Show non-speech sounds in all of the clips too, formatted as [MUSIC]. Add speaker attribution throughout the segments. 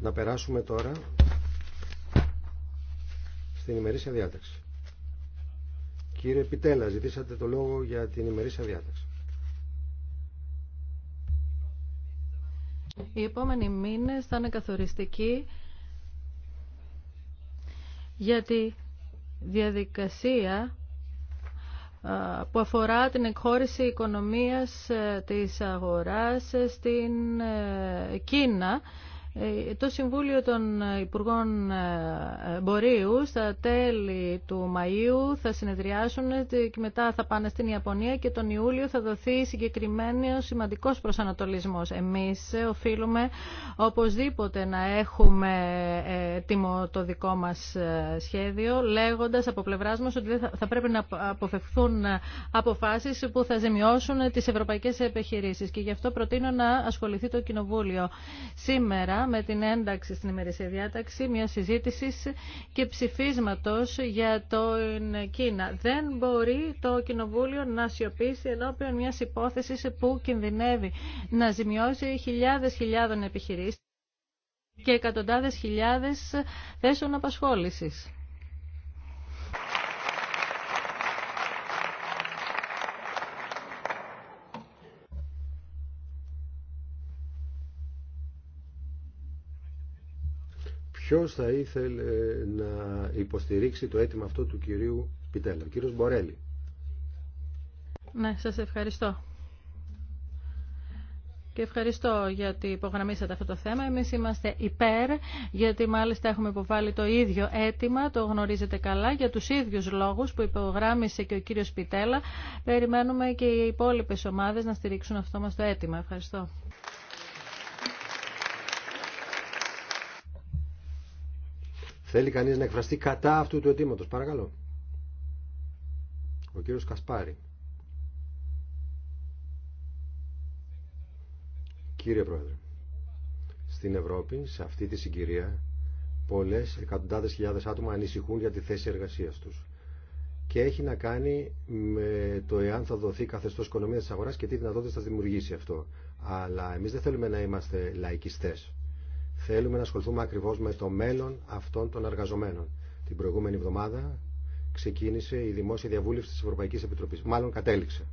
Speaker 1: Να περάσουμε τώρα στην ημερήσια διάταξη. Κύριε Πιτέλα, ζητήσατε το λόγο για την ημερήσια διάταξη.
Speaker 2: Οι επόμενοι μήνες θα είναι καθοριστικοί για τη διαδικασία που αφορά την εκχώρηση οικονομίας ε, της αγοράς ε, στην ε, Κίνα ε, το Συμβούλιο των Υπουργών ε, Μπορείου στα τέλη του Μαΐου θα συνεδριάσουν και μετά θα πάνε στην Ιαπωνία και τον Ιούλιο θα δοθεί συγκεκριμένο σημαντικός προσανατολισμός. Εμείς οφείλουμε οπωσδήποτε να έχουμε ε, το δικό μας σχέδιο λέγοντας από πλευράς μας ότι θα πρέπει να αποφευθούν αποφάσεις που θα ζημιώσουν τις ευρωπαϊκές επιχειρήσεις και γι' αυτό προτείνω να ασχοληθεί το Κοινοβούλιο σήμερα με την ένταξη στην ημερήσια διάταξη μια συζήτηση και ψηφίσματο για το Κίνα. Δεν μπορεί το Κοινοβούλιο να σιωπήσει ενώπιον μια υπόθεση που κινδυνεύει να ζημιώσει χιλιάδε χιλιάδων επιχειρήσεων και εκατοντάδες χιλιάδες θέσεων απασχόλησης.
Speaker 1: Ποιος θα ήθελε να υποστηρίξει το αίτημα αυτό του κυρίου Πιτέλα. κύριος Μπορέλη.
Speaker 2: Ναι, σας ευχαριστώ. Και ευχαριστώ γιατί υπογραμμίσατε αυτό το θέμα. Εμείς είμαστε υπέρ, γιατί μάλιστα έχουμε υποβάλει το ίδιο αίτημα, το γνωρίζετε καλά, για τους ίδιους λόγους που υπογράμμισε και ο κύριος Πιτέλα. Περιμένουμε και οι υπόλοιπε ομάδε να στηρίξουν αυτό μα το αίτημα. Ευχαριστώ.
Speaker 1: Θέλει κανείς να εκφραστεί κατά αυτού του αιτήματο. Παρακαλώ. Ο κύριος Κασπάρη. Κύριε Πρόεδρε, στην Ευρώπη, σε αυτή τη συγκυρία, πολλές εκατοντάδες χιλιάδες άτομα ανησυχούν για τη θέση εργασίας τους. Και έχει να κάνει με το εάν θα δοθεί καθεστώς οικονομία της αγοράς και τι δυνατότητες θα δημιουργήσει αυτό. Αλλά εμείς δεν θέλουμε να είμαστε λαϊκιστές. Θέλουμε να ασχοληθούμε ακριβώ με το μέλλον αυτών των εργαζομένων. Την προηγούμενη εβδομάδα ξεκίνησε η δημόσια διαβούλευση τη Ευρωπαϊκή Επιτροπή. Μάλλον κατέληξε.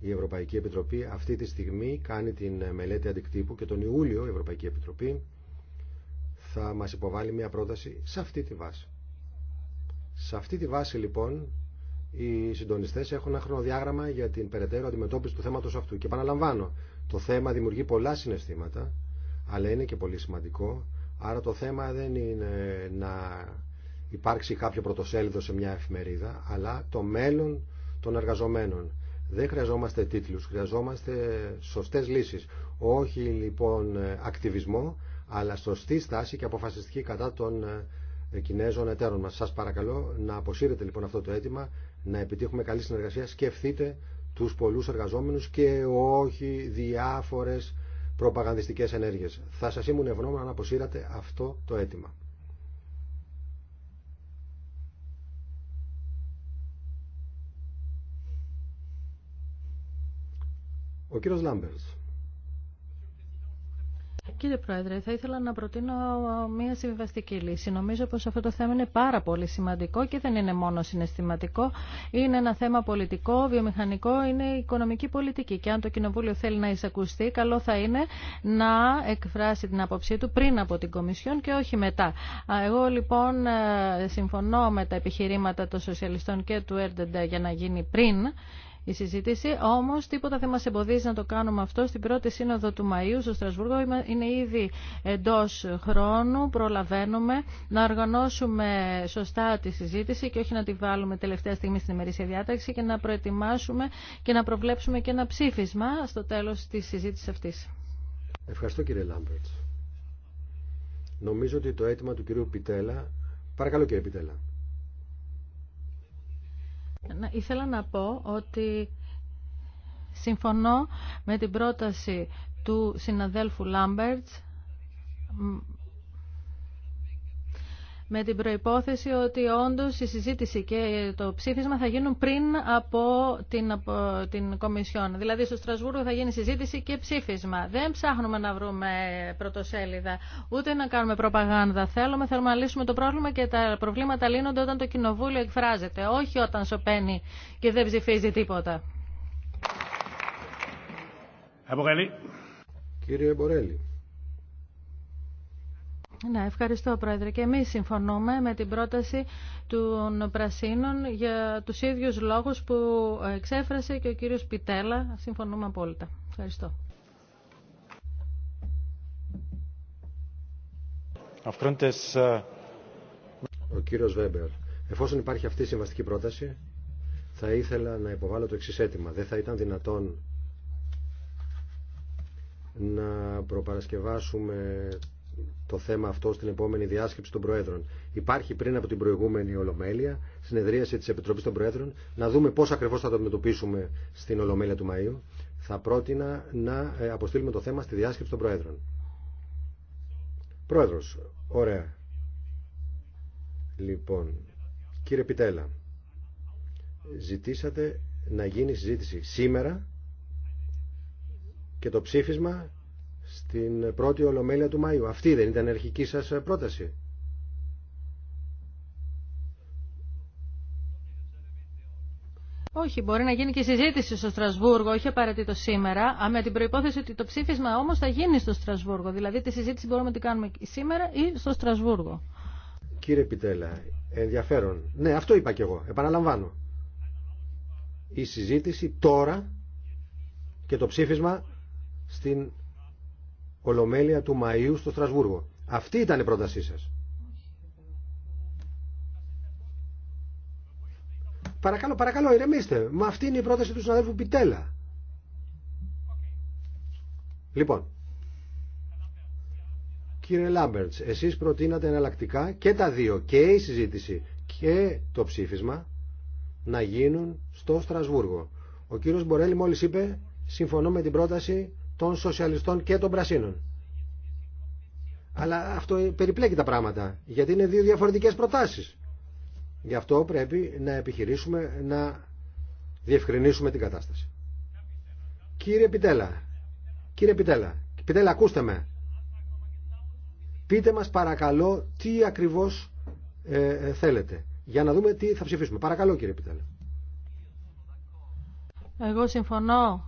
Speaker 1: Η Ευρωπαϊκή Επιτροπή αυτή τη στιγμή κάνει την μελέτη αντικτύπου και τον Ιούλιο η Ευρωπαϊκή Επιτροπή θα μα υποβάλει μια πρόταση σε αυτή τη βάση. Σε αυτή τη βάση λοιπόν οι συντονιστέ έχουν ένα χρονοδιάγραμμα για την περαιτέρω αντιμετώπιση του θέματο αυτού. Και επαναλαμβάνω, το θέμα δημιουργεί πολλά συναισθήματα αλλά είναι και πολύ σημαντικό. Άρα το θέμα δεν είναι να υπάρξει κάποιο πρωτοσέλιδο σε μια εφημερίδα, αλλά το μέλλον των εργαζομένων. Δεν χρειαζόμαστε τίτλους, χρειαζόμαστε σωστές λύσεις. Όχι λοιπόν ακτιβισμό, αλλά σωστή στάση και αποφασιστική κατά των ε, Κινέζων εταίρων μας. Σας παρακαλώ να αποσύρετε λοιπόν αυτό το αίτημα, να επιτύχουμε καλή συνεργασία. Σκεφτείτε τους πολλούς εργαζόμενους και όχι διάφορες προπαγανδιστικές ενέργειες. Θα σας ήμουν ευγνώμων να αποσύρατε αυτό το αίτημα. Ο κύριος Λάμπερτς.
Speaker 2: Κύριε Πρόεδρε, θα ήθελα να προτείνω μια συμβιβαστική λύση. Νομίζω πως αυτό το θέμα είναι πάρα πολύ σημαντικό και δεν είναι μόνο συναισθηματικό. Είναι ένα θέμα πολιτικό, βιομηχανικό, είναι οικονομική πολιτική. Και αν το Κοινοβούλιο θέλει να εισακουστεί, καλό θα είναι να εκφράσει την άποψή του πριν από την Κομισιόν και όχι μετά. Εγώ λοιπόν ε, συμφωνώ με τα επιχειρήματα των σοσιαλιστών και του Έρντεντα για να γίνει πριν η συζήτηση. Όμω τίποτα δεν μα εμποδίζει να το κάνουμε αυτό στην πρώτη σύνοδο του Μαΐου στο Στρασβούργο. Είναι ήδη εντό χρόνου. Προλαβαίνουμε να οργανώσουμε σωστά τη συζήτηση και όχι να τη βάλουμε τελευταία στιγμή στην ημερήσια διάταξη και να προετοιμάσουμε και να προβλέψουμε και ένα ψήφισμα στο τέλο τη συζήτηση αυτή.
Speaker 1: Ευχαριστώ κύριε Λάμπερτ. Νομίζω ότι το αίτημα του κυρίου Πιτέλα. Παρακαλώ κύριε Πιτέλα.
Speaker 2: Ήθελα να πω ότι συμφωνώ με την πρόταση του συναδέλφου Λάμπερτς με την προϋπόθεση ότι όντως η συζήτηση και το ψήφισμα θα γίνουν πριν από την, από την Κομισιόν. Δηλαδή στο Στρασβούργο θα γίνει συζήτηση και ψήφισμα. Δεν ψάχνουμε να βρούμε πρωτοσέλιδα, ούτε να κάνουμε προπαγάνδα. Θέλουμε, θέλουμε να λύσουμε το πρόβλημα και τα προβλήματα λύνονται όταν το Κοινοβούλιο εκφράζεται, όχι όταν σωπαίνει και δεν ψηφίζει τίποτα.
Speaker 1: Κύριε Μπορέλη.
Speaker 2: Ναι, ευχαριστώ Πρόεδρε. Και εμείς συμφωνούμε με την πρόταση των Πρασίνων για τους ίδιους λόγους που εξέφρασε και ο κύριος Πιτέλα. Συμφωνούμε απόλυτα. Ευχαριστώ.
Speaker 1: Ε, ο κύριος Βέμπερ, εφόσον υπάρχει αυτή η συμβαστική πρόταση, θα ήθελα να υποβάλω το εξής αίτημα. Δεν θα ήταν δυνατόν να προπαρασκευάσουμε το θέμα αυτό στην επόμενη διάσκεψη των Προέδρων. Υπάρχει πριν από την προηγούμενη Ολομέλεια συνεδρίαση τη Επιτροπή των Προέδρων να δούμε πώ ακριβώ θα το αντιμετωπίσουμε στην Ολομέλεια του Μαΐου. Θα πρότεινα να ε, αποστείλουμε το θέμα στη διάσκεψη των Προέδρων. Πρόεδρο, ωραία. Λοιπόν, κύριε Πιτέλα, ζητήσατε να γίνει συζήτηση σήμερα και το ψήφισμα στην πρώτη ολομέλεια του Μαΐου. Αυτή δεν ήταν η αρχική σας πρόταση.
Speaker 2: Όχι, μπορεί να γίνει και συζήτηση στο Στρασβούργο, όχι απαραίτητο σήμερα, με την προϋπόθεση ότι το ψήφισμα όμως θα γίνει στο Στρασβούργο. Δηλαδή τη συζήτηση μπορούμε να την κάνουμε σήμερα ή στο Στρασβούργο.
Speaker 1: Κύριε Πιτέλα, ενδιαφέρον. Ναι, αυτό είπα και εγώ. Επαναλαμβάνω. Η συζήτηση τώρα και το ψήφισμα στην Ολομέλεια του Μαΐου στο Στρασβούργο. Αυτή ήταν η πρότασή σας. Παρακαλώ, παρακαλώ, ηρεμήστε. Μα αυτή είναι η πρόταση του συναδέλφου Πιτέλα. Λοιπόν, κύριε Λάμπερτς, εσείς προτείνατε εναλλακτικά και τα δύο, και η συζήτηση και το ψήφισμα να γίνουν στο Στρασβούργο. Ο κύριος Μπορέλη μόλις είπε, συμφωνώ με την πρόταση των σοσιαλιστών και των πρασίνων. Αλλά αυτό περιπλέκει τα πράγματα, γιατί είναι δύο διαφορετικές προτάσεις. Γι' αυτό πρέπει να επιχειρήσουμε να διευκρινίσουμε την κατάσταση. Κύριε Πιτέλα, κύριε Πιτέλα, Πιτέλα ακούστε με. Πείτε μας παρακαλώ τι ακριβώς ε, ε, θέλετε, για να δούμε τι θα ψηφίσουμε. Παρακαλώ κύριε Πιτέλα.
Speaker 2: Εγώ συμφωνώ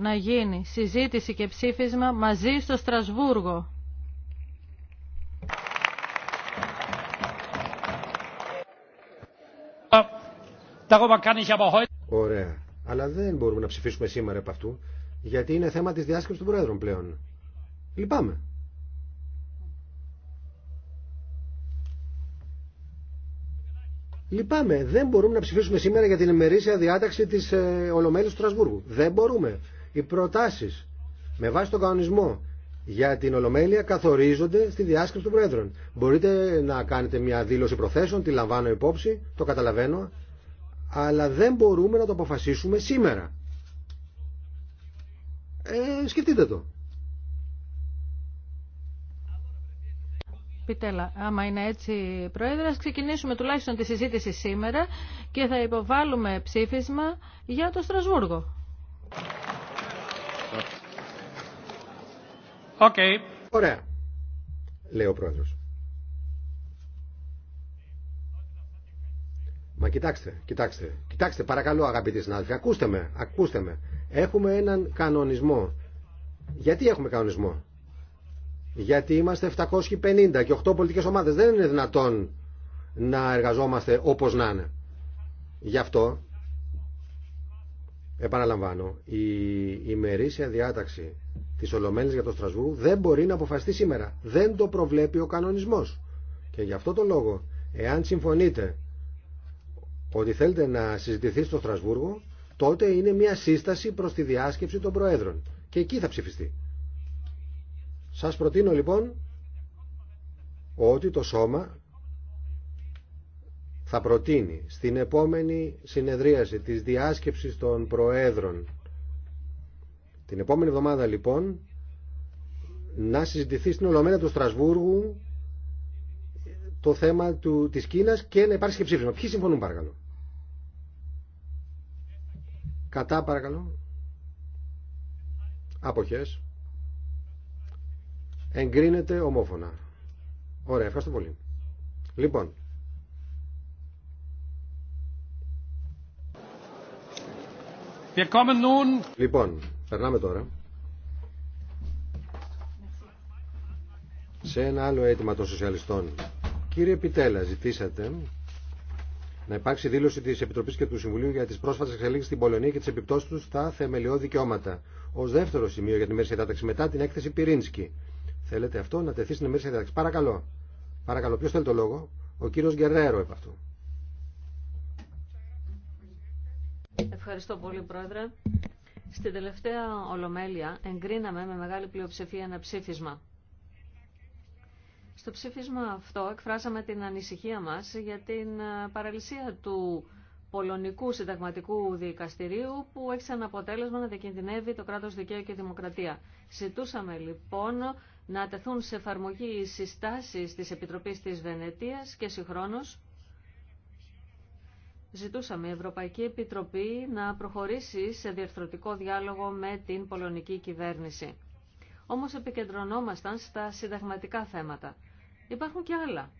Speaker 2: να γίνει συζήτηση και ψήφισμα μαζί στο Στρασβούργο.
Speaker 1: Ωραία. Αλλά δεν μπορούμε να ψηφίσουμε σήμερα από αυτού, γιατί είναι θέμα της διάσκεψης του Προέδρων πλέον. Λυπάμαι. Λυπάμαι. Δεν μπορούμε να ψηφίσουμε σήμερα για την ημερήσια διάταξη της ε, Ολομέλης του Στρασβούργου. Δεν μπορούμε. Οι προτάσει με βάση τον κανονισμό για την Ολομέλεια καθορίζονται στη διάσκεψη των Προέδρων. Μπορείτε να κάνετε μια δήλωση προθέσεων, τη λαμβάνω υπόψη, το καταλαβαίνω, αλλά δεν μπορούμε να το αποφασίσουμε σήμερα. Ε, σκεφτείτε το.
Speaker 2: Πιτέλα, άμα είναι έτσι, Πρόεδρε, ξεκινήσουμε τουλάχιστον τη συζήτηση σήμερα και θα υποβάλουμε ψήφισμα για το Στρασβούργο.
Speaker 1: Okay. Ωραία, λέει ο πρόεδρο. Μα κοιτάξτε, κοιτάξτε, κοιτάξτε, παρακαλώ αγαπητοί συνάδελφοι, ακούστε με, ακούστε με. Έχουμε έναν κανονισμό. Γιατί έχουμε κανονισμό. Γιατί είμαστε 750 και 8 πολιτικές ομάδες. Δεν είναι δυνατόν να εργαζόμαστε όπως να είναι. Γι' αυτό, επαναλαμβάνω, η ημερήσια διάταξη τη Ολομέλεια για το Στρασβούργο δεν μπορεί να αποφαστεί σήμερα. Δεν το προβλέπει ο κανονισμό. Και γι' αυτό το λόγο, εάν συμφωνείτε ότι θέλετε να συζητηθεί στο Στρασβούργο, τότε είναι μια σύσταση προ τη διάσκεψη των Προέδρων. Και εκεί θα ψηφιστεί. Σας προτείνω λοιπόν ότι το σώμα θα προτείνει στην επόμενη συνεδρίαση της διάσκεψης των Προέδρων την επόμενη εβδομάδα λοιπόν να συζητηθεί στην Ολομένα του Στρασβούργου το θέμα του, της Κίνας και να υπάρξει και ψήφισμα. Ποιοι συμφωνούν παρακαλώ. Κατά παρακαλώ. Αποχές. Εγκρίνεται ομόφωνα. Ωραία, ευχαριστώ πολύ. Λοιπόν. Λοιπόν. Περνάμε τώρα σε ένα άλλο αίτημα των σοσιαλιστών. Κύριε Πιτέλα, ζητήσατε να υπάρξει δήλωση τη Επιτροπή και του Συμβουλίου για τι πρόσφατε εξελίξει στην Πολωνία και τι επιπτώσει του στα θεμελιώδη δικαιώματα. Ω δεύτερο σημείο για την ημέρηση διάταξη μετά την έκθεση Πυρίνσκι. Θέλετε αυτό να τεθεί στην ημέρηση διάταξη. Παρακαλώ. Παρακαλώ, ποιο θέλει το λόγο. Ο κύριο Γκερέρο επ' αυτού.
Speaker 3: Ευχαριστώ πολύ, Πρόεδρε. Στην τελευταία Ολομέλεια εγκρίναμε με μεγάλη πλειοψηφία ένα ψήφισμα. Στο ψήφισμα αυτό εκφράσαμε την ανησυχία μας για την ε, παραλυσία του Πολωνικού Συνταγματικού Δικαστηρίου που έχει σαν αποτέλεσμα να διακινδυνεύει το κράτος δικαίου και δημοκρατία. Ζητούσαμε λοιπόν να τεθούν σε εφαρμογή οι συστάσεις της Επιτροπής της Βενετίας και συγχρόνως ζητούσαμε η Ευρωπαϊκή Επιτροπή να προχωρήσει σε διαρθρωτικό διάλογο με την πολωνική κυβέρνηση. Όμως επικεντρωνόμασταν στα συνταγματικά θέματα. Υπάρχουν και άλλα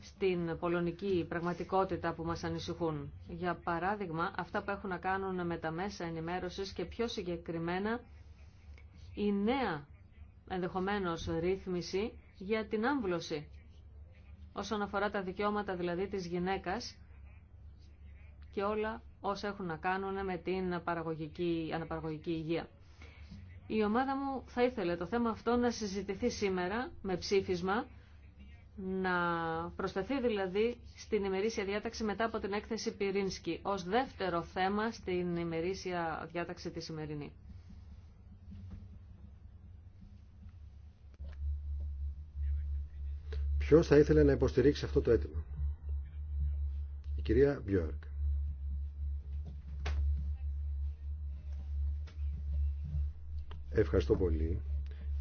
Speaker 3: στην πολωνική πραγματικότητα που μας ανησυχούν. Για παράδειγμα, αυτά που έχουν να κάνουν με τα μέσα ενημέρωσης και πιο συγκεκριμένα η νέα ενδεχομένως ρύθμιση για την άμβλωση όσον αφορά τα δικαιώματα δηλαδή της γυναίκας και όλα όσα έχουν να κάνουν με την παραγωγική, αναπαραγωγική υγεία. Η ομάδα μου θα ήθελε το θέμα αυτό να συζητηθεί σήμερα με ψήφισμα, να προσθεθεί δηλαδή στην ημερήσια διάταξη μετά από την έκθεση Πυρίνσκι, ως δεύτερο θέμα στην ημερήσια διάταξη τη σημερινή.
Speaker 1: Ποιος θα ήθελε να υποστηρίξει αυτό το αίτημα. Η κυρία Μπιόρκ. Ευχαριστώ πολύ.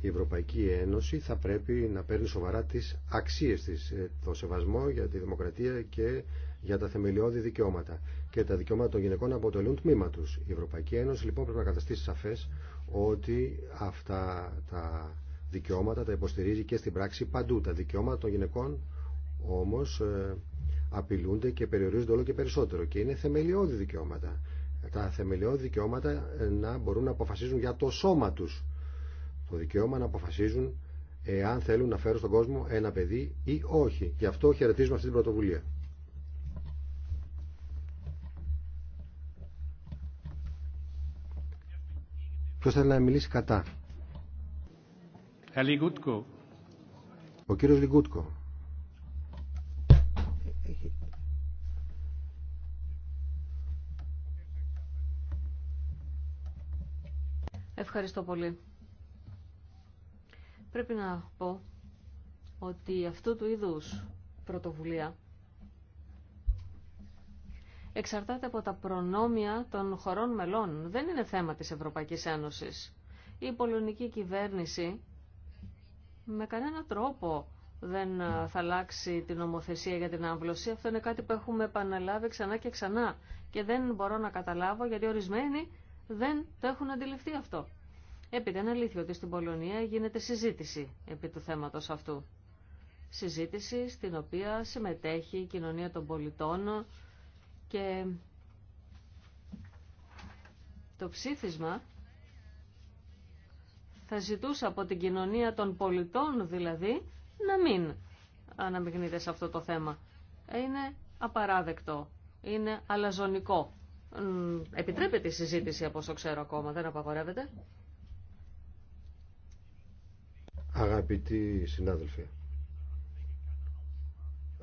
Speaker 1: Η Ευρωπαϊκή Ένωση θα πρέπει να παίρνει σοβαρά τις αξίες της, ε, το σεβασμό για τη δημοκρατία και για τα θεμελιώδη δικαιώματα. Και τα δικαιώματα των γυναικών αποτελούν τμήμα τους. Η Ευρωπαϊκή Ένωση λοιπόν πρέπει να καταστήσει σαφές ότι αυτά τα δικαιώματα τα υποστηρίζει και στην πράξη παντού. Τα δικαιώματα των γυναικών όμως ε, απειλούνται και περιορίζονται όλο και περισσότερο και είναι θεμελιώδη δικαιώματα τα θεμελιώδη δικαιώματα ε, να μπορούν να αποφασίζουν για το σώμα τους. Το δικαίωμα να αποφασίζουν εάν θέλουν να φέρουν στον κόσμο ένα παιδί ή όχι. Γι' αυτό χαιρετίζουμε αυτή την πρωτοβουλία. Ποιος θέλει να μιλήσει κατά. Ο κύριος Λιγκούτκο.
Speaker 3: Ευχαριστώ πολύ. Πρέπει να πω ότι αυτού του είδους πρωτοβουλία εξαρτάται από τα προνόμια των χωρών μελών. Δεν είναι θέμα της Ευρωπαϊκής Ένωσης. Η πολωνική κυβέρνηση με κανένα τρόπο δεν θα αλλάξει την νομοθεσία για την άμβλωση. Αυτό είναι κάτι που έχουμε επαναλάβει ξανά και ξανά. Και δεν μπορώ να καταλάβω γιατί ορισμένοι δεν το έχουν αντιληφθεί αυτό. Επειδή είναι αλήθεια ότι στην Πολωνία γίνεται συζήτηση επί του θέματος αυτού. Συζήτηση στην οποία συμμετέχει η κοινωνία των πολιτών και το ψήφισμα θα ζητούσε από την κοινωνία των πολιτών δηλαδή να μην αναμειγνύεται σε αυτό το θέμα. Ε, είναι απαράδεκτο, είναι αλαζονικό Επιτρέπεται η συζήτηση από όσο ξέρω ακόμα, δεν απαγορεύεται.
Speaker 1: Αγαπητοί συνάδελφοι,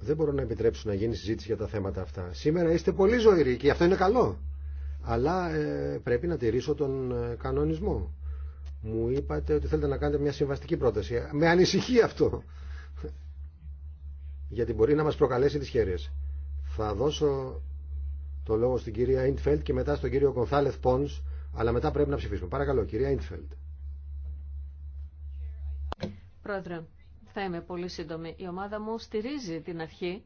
Speaker 1: δεν μπορώ να επιτρέψω να γίνει συζήτηση για τα θέματα αυτά. Σήμερα είστε πολύ ζωηροί και αυτό είναι καλό. Αλλά ε, πρέπει να τηρήσω τον ε, κανονισμό. Μου είπατε ότι θέλετε να κάνετε μια συμβαστική πρόταση. Με ανησυχεί αυτό. [LAUGHS] Γιατί μπορεί να μας προκαλέσει τις χέρες. Θα δώσω το λόγο στην κυρία Ιντφελτ και μετά στον κύριο Κονθάλεθ Πόνς, αλλά μετά πρέπει να ψηφίσουμε. Παρακαλώ, κυρία Ιντφελτ.
Speaker 3: Πρόεδρε, θα είμαι πολύ σύντομη. Η ομάδα μου στηρίζει την αρχή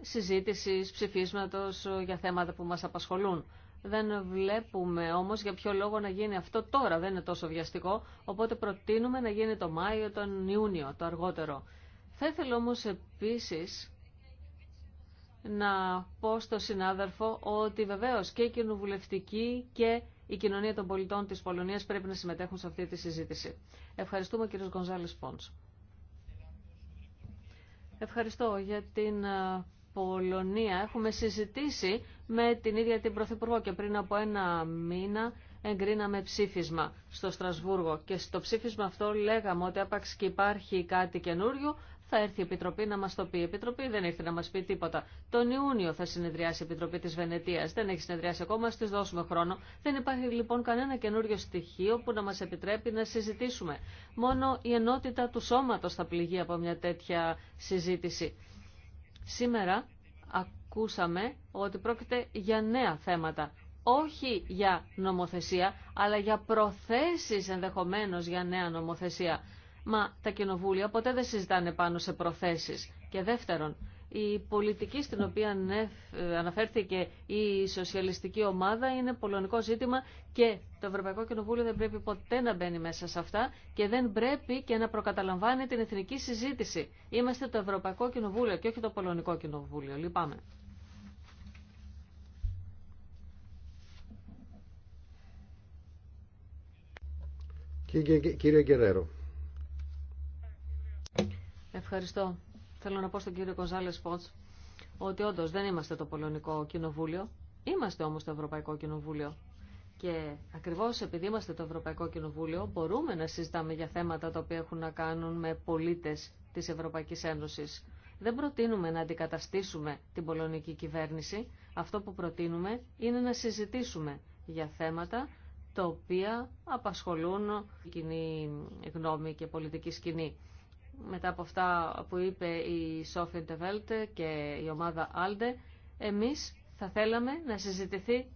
Speaker 3: συζήτησης, ψηφίσματος για θέματα που μας απασχολούν. Δεν βλέπουμε όμως για ποιο λόγο να γίνει αυτό τώρα, δεν είναι τόσο βιαστικό, οπότε προτείνουμε να γίνει το Μάιο, τον Ιούνιο, το αργότερο. Θα ήθελα όμως επίσης να πω στον συνάδελφο ότι βεβαίως και η κοινοβουλευτική και η κοινωνία των πολιτών της Πολωνίας πρέπει να συμμετέχουν σε αυτή τη συζήτηση. Ευχαριστούμε κύριος Γκονζάλης Πόντς. Ευχαριστώ για την ε, Πολωνία. Έχουμε συζητήσει με την ίδια την Πρωθυπουργό και πριν από ένα μήνα εγκρίναμε ψήφισμα στο Στρασβούργο και στο ψήφισμα αυτό λέγαμε ότι άπαξ και υπάρχει κάτι καινούριο θα έρθει η Επιτροπή να μα το πει. Η Επιτροπή δεν ήρθε να μας πει τίποτα. Τον Ιούνιο θα συνεδριάσει η Επιτροπή της Βενετίας. Δεν έχει συνεδριάσει ακόμα, τη δώσουμε χρόνο. Δεν υπάρχει λοιπόν κανένα καινούριο στοιχείο που να μας επιτρέπει να συζητήσουμε. Μόνο η ενότητα του σώματος θα πληγεί από μια τέτοια συζήτηση. Σήμερα ακούσαμε ότι πρόκειται για νέα θέματα όχι για νομοθεσία, αλλά για προθέσεις ενδεχομένως για νέα νομοθεσία. Μα τα κοινοβούλια ποτέ δεν συζητάνε πάνω σε προθέσεις. Και δεύτερον, η πολιτική στην οποία ε, αναφέρθηκε η σοσιαλιστική ομάδα είναι πολωνικό ζήτημα και το Ευρωπαϊκό Κοινοβούλιο δεν πρέπει ποτέ να μπαίνει μέσα σε αυτά και δεν πρέπει και να προκαταλαμβάνει την εθνική συζήτηση. Είμαστε το Ευρωπαϊκό Κοινοβούλιο και όχι το Πολωνικό Κοινοβούλιο. Λυπάμαι.
Speaker 1: Κύριε Γκερέρο.
Speaker 3: Ευχαριστώ. Θέλω να πω στον κύριο Κοζάλε Σποτς ότι όντω δεν είμαστε το Πολωνικό Κοινοβούλιο, είμαστε όμως το Ευρωπαϊκό Κοινοβούλιο. Και ακριβώς επειδή είμαστε το Ευρωπαϊκό Κοινοβούλιο μπορούμε να συζητάμε για θέματα τα οποία έχουν να κάνουν με πολίτες της Ευρωπαϊκής Ένωσης. Δεν προτείνουμε να αντικαταστήσουμε την πολωνική κυβέρνηση. Αυτό που προτείνουμε είναι να συζητήσουμε για θέματα τα οποία απασχολούν κοινή γνώμη και πολιτική σκηνή μετά από αυτά που είπε η Σόφια Ντεβέλτ και η ομάδα Άλντε, εμείς θα θέλαμε να συζητηθεί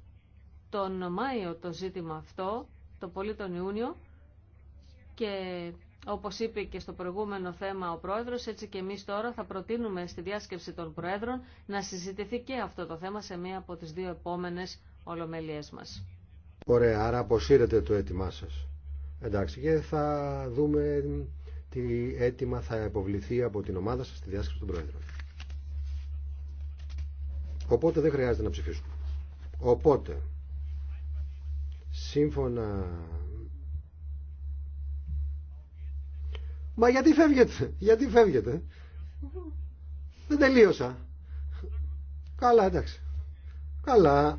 Speaker 3: τον Μάιο το ζήτημα αυτό, το πολύ τον Ιούνιο και όπως είπε και στο προηγούμενο θέμα ο Πρόεδρος, έτσι και εμείς τώρα θα προτείνουμε στη διάσκεψη των Προέδρων να συζητηθεί και αυτό το θέμα σε μία από τις δύο επόμενες ολομέλειές μας.
Speaker 1: Ωραία, άρα αποσύρετε το έτοιμά σας. Εντάξει, και θα δούμε τι έτοιμα θα υποβληθεί από την ομάδα σας στη διάσκεψη των Πρόεδρων. Οπότε δεν χρειάζεται να ψηφίσουμε. Οπότε, σύμφωνα... Μα γιατί φεύγετε, γιατί φεύγετε. Δεν τελείωσα. Καλά, εντάξει. Καλά.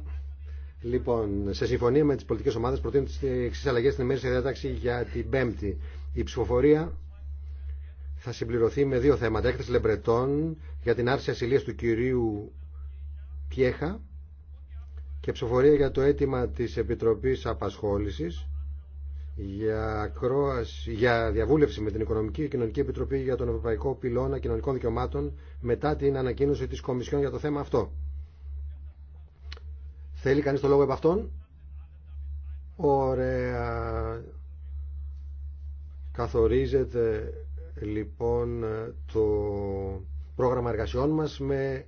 Speaker 1: Λοιπόν, σε συμφωνία με τις πολιτικές ομάδες προτείνω τις εξής αλλαγές στην ημέρη διάταξη για την Πέμπτη. Η ψηφοφορία θα συμπληρωθεί με δύο θέματα. Έκθεση Λεμπρετών για την άρση ασυλίας του κυρίου Πιέχα και ψηφοφορία για το αίτημα της Επιτροπής Απασχόλησης για, για διαβούλευση με την Οικονομική και Κοινωνική Επιτροπή για τον Ευρωπαϊκό Πυλώνα Κοινωνικών Δικαιωμάτων μετά την ανακοίνωση της Κομισιόν για το θέμα αυτό. Θέλει κανείς το λόγο επ' αυτόν? Ωραία. Καθορίζεται λοιπόν ε, το πρόγραμμα εργασιών μας με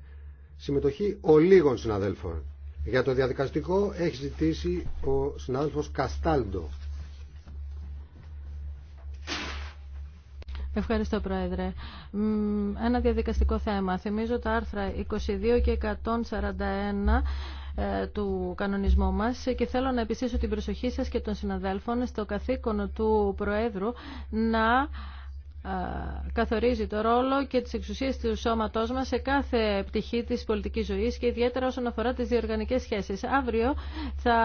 Speaker 1: συμμετοχή ολίγων συναδέλφων. Για το διαδικαστικό έχει ζητήσει ο συνάδελφος Καστάλντο.
Speaker 2: Ευχαριστώ, Πρόεδρε. Ένα διαδικαστικό θέμα. Θυμίζω τα άρθρα 22 και 141 ε, του κανονισμού μας και θέλω να επιστήσω την προσοχή σας και των συναδέλφων στο καθήκον του Προέδρου να καθορίζει το ρόλο και τις εξουσίες του σώματός μας σε κάθε πτυχή της πολιτικής ζωής και ιδιαίτερα όσον αφορά τις διοργανικές σχέσεις. Αύριο θα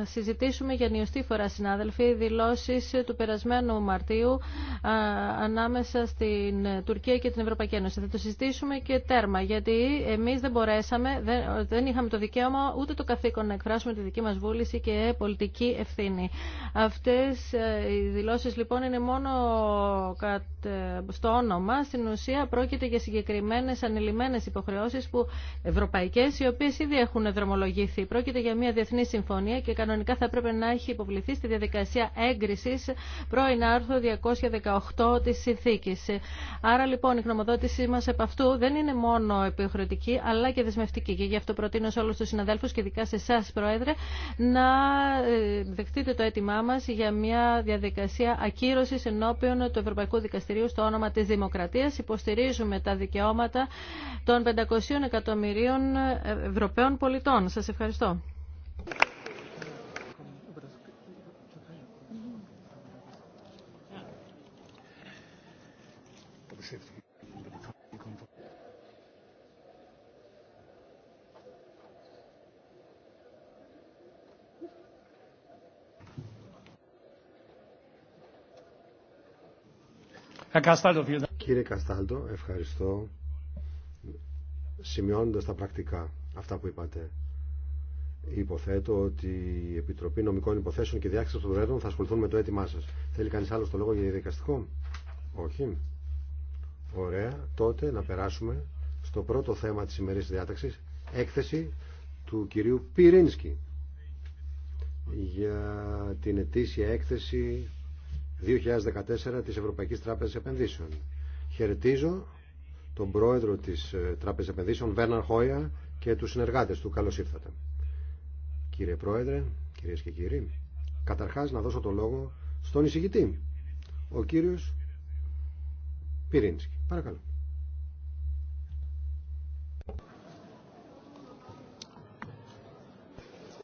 Speaker 2: ε, συζητήσουμε για νιωστή φορά, συνάδελφοι, δηλώσεις του περασμένου Μαρτίου ανάμεσα στην Τουρκία και την Ευρωπαϊκή Ένωση. Θα το συζητήσουμε και τέρμα, γιατί εμείς δεν μπορέσαμε, δεν, δεν είχαμε το δικαίωμα ούτε το καθήκον να εκφράσουμε τη δική μας βούληση και πολιτική ευθύνη. Αυτές ε, οι δηλώσεις λοιπόν είναι μόνο κατά ε, στο όνομα, στην ουσία πρόκειται για συγκεκριμένε ανελημμένες υποχρεώσει που, ευρωπαϊκές, οι οποίε ήδη έχουν δρομολογηθεί. Πρόκειται για μια διεθνή συμφωνία και κανονικά θα έπρεπε να έχει υποβληθεί στη διαδικασία έγκριση, πρώην άρθρο 218 τη συνθήκη. Άρα λοιπόν η γνωμοδότησή μα επ' αυτού δεν είναι μόνο επιχρεωτική αλλά και δεσμευτική και γι' αυτό προτείνω σε όλου του συναδέλφους και ειδικά σε εσά, Πρόεδρε να ε, δεχτείτε το αίτημά μα για μια διαδικασία ακύρωση ενώπιον του Ευρωπαϊκού Δικαστηρίου Δικαστηρίου στο όνομα της Δημοκρατίας. Υποστηρίζουμε τα δικαιώματα των 500 εκατομμυρίων Ευρωπαίων πολιτών. Σας ευχαριστώ.
Speaker 1: Ε, Κύριε Καστάλτο, ευχαριστώ. Σημειώνοντας τα πρακτικά αυτά που είπατε, υποθέτω ότι η Επιτροπή Νομικών Υποθέσεων και Διάξεσης των Προέδρων θα ασχοληθούν με το έτοιμά σας. Θέλει κανείς άλλο το λόγο για διαδικαστικό? Όχι. Ωραία. Τότε να περάσουμε στο πρώτο θέμα της σημερινής διάταξης, έκθεση του κυρίου Πυρίνσκι για την ετήσια έκθεση 2014 της Ευρωπαϊκής Τράπεζας Επενδύσεων. Χαιρετίζω τον πρόεδρο της ε, Τράπεζας Επενδύσεων, Βέρναρ Χόια, και τους συνεργάτες του. Καλώς ήρθατε. Κύριε Πρόεδρε, κυρίες και κύριοι, καταρχάς να δώσω το λόγο στον εισηγητή, ο κύριος Πυρίνσκι. Παρακαλώ.